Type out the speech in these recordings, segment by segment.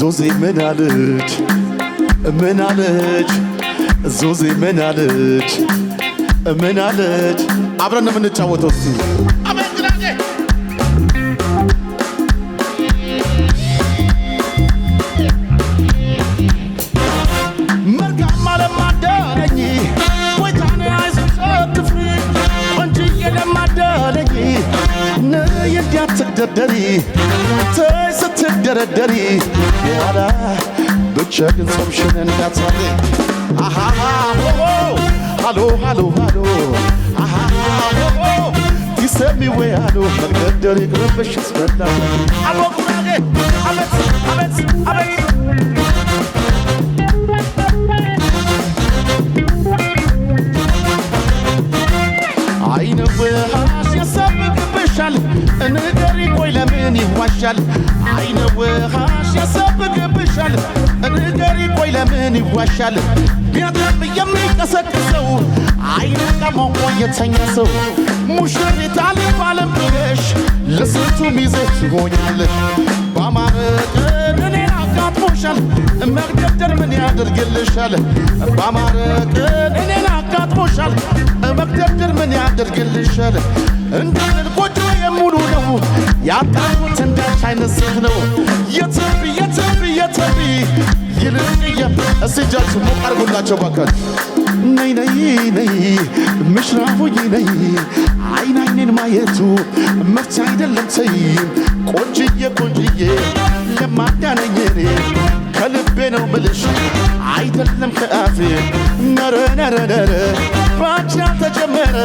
ዞዜ ምን አለች ምን አለች ዞዜ ምን አለች ምን አለች አብረን የምንጫወተው እስቲ ስትደረደሪ ተይ ስትደረደሪ የኋላ ብቻ ግን ጾምሽን እንዳትሳሌ ሃሎ ሃሎ ሃሎ ይሰሚዌ አሎ መገደር ይቅርብሽ ስበላ አቤት አቤት አቤት ይሰብሻል፣ አይነ ውሃሽ ያሰብቅብሻል። ቆይ ለምን ይዋሻል? ቢያጠብ የሚቀሰቅሰው አይነ ቀሞቆ የተኛ ሰው ሙሽሪት አልባለም ብለሽ ለስቱ ሚዜት ይሆኛለሽ። በአማረ ቀን እኔን አጋጥሞሻል፣ መግደደር ምን ያደርግልሻል? በአማረ ቀን አጋጥሞሻል፣ መግደደር ምን ያደርግልሻል? እንደ ቆጮ የሙሉ ነው ያጣ የእሳት አይነት ስልክ ነው። የትቢ የትቢ የትቢ ይልቅየ እስቲ እጃችሁ ሞቅ አድርጉላቸው ባካችሁ። ነይ ነይ ነይ ምሽራፉይ ነይ አይን አይኔን ማየቱ መፍቻ አይደለም ሰይ ቆንጅዬ ቆንጅዬ ለማዳነኝ እኔ ከልቤ ነው ምልሽ አይደለም ከአፌ ነረ ነረ ነረ ባንቺ ተጀመረ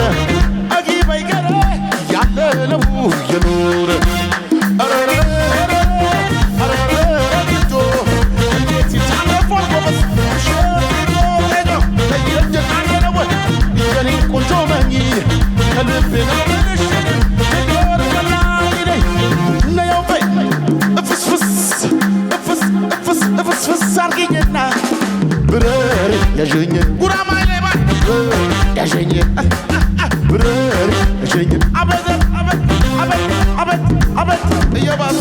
Движение. Куда моя лева? Движение. Движение. Абет, абет, абет, абет, абет. Я вас.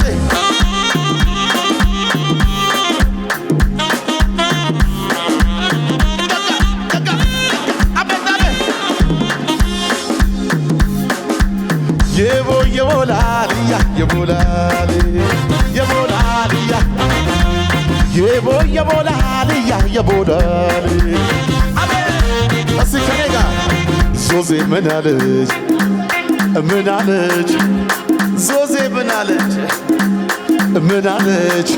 Llevo, llevo la alia, llevo la alia, llevo la alia. የቦ የቦላል ያ የቦላል እስኪ ከኔ ጋር ዞዜ ምን አለች ምን አለች ዞዜ ምን አለች ምን አለች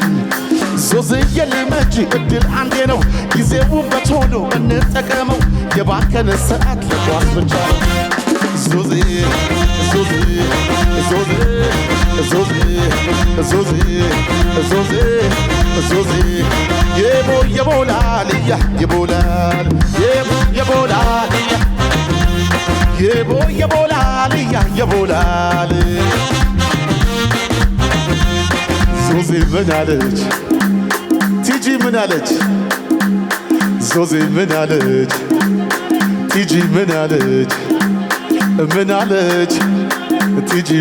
ዞዜ የለመች እድል አንዴ ነው ጊዜውን በቶሎ እንጠቀመው የባከነ ሰዓት ለጧት ብቻ ዞዜ ዞዜ ዞዜ ዞዜ ዞዜ ዞዜ Susie, ye bol ye bolali ya, ye bolali, ye ye bolali ya, ye bol ye bolali ya, ye bolali. Susie menalic, Tiji menalic, Susie menalic, Tiji menalic, menalic, Tiji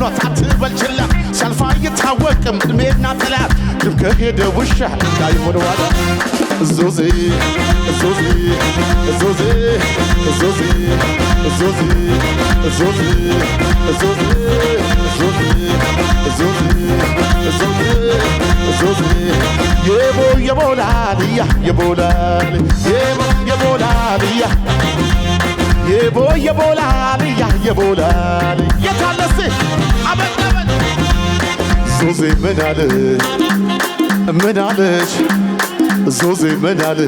ኖት አትበል ችላ ሲያልፍ አይታወቅም ዕድሜና ጠላት ግን ከሄደ ውሻ እንዳይሆን ዋለ እዞዜ እዞዜ እዞዜ እዞዜ እዞዜ እዞዜ እዞዜ እዞዜ እዞዜ እዞዜ የቦ የቦላልያ የቦላል የቦ የቦላልያ የቦ የቦላል ያ የቦላል የታለስ አበበበል ዞዜ ምናል ምናለች ዞዜ ምናል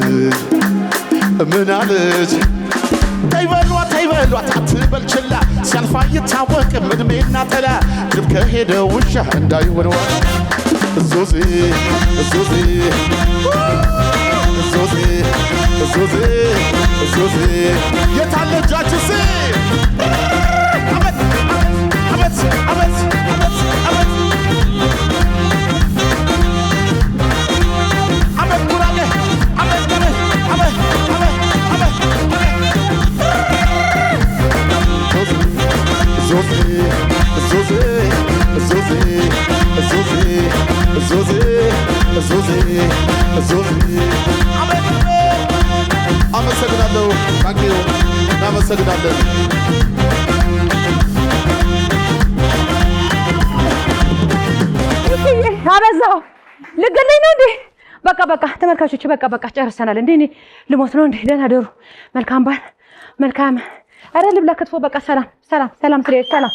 ምናለች ተይበሏት ተይበሏት አትበልችላ ሲያልፋ ይታወቅም እድሜና ጠላ ግብ ከሄደ ውሻ እንዳይሆነዋ ዞዜ ዞዜ ዞዜ ሱሴ ሱሴ የታለ እጃችሁ ሴ አመት አመት አመት አመት አመት አመት ጉራጌ አመት ገበ አመት አመት አመት ሱሴ ሱሴ ሱሴ ሱሴ ሱሴ ሱሴ ሱሴ አመሰግናለሁ። ታንኪዩ እናመሰግናለን። አበዛው ልገለኝ ነው እንዴ? በቃ በቃ ተመልካቾች በቃ በቃ ጨርሰናል። እንዴ እኔ ልሞት ነው እንዴ? ደህና ደሩ። መልካም ባል መልካም አረ ልብላ ክትፎ። በቃ ሰላም ሰላም ሰላም ስለ ሰላም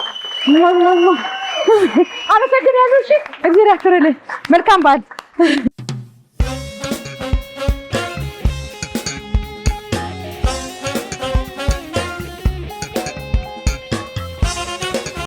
አመሰግናለሁ። እሺ እግዚአብሔር ያክብርልኝ። መልካም ባል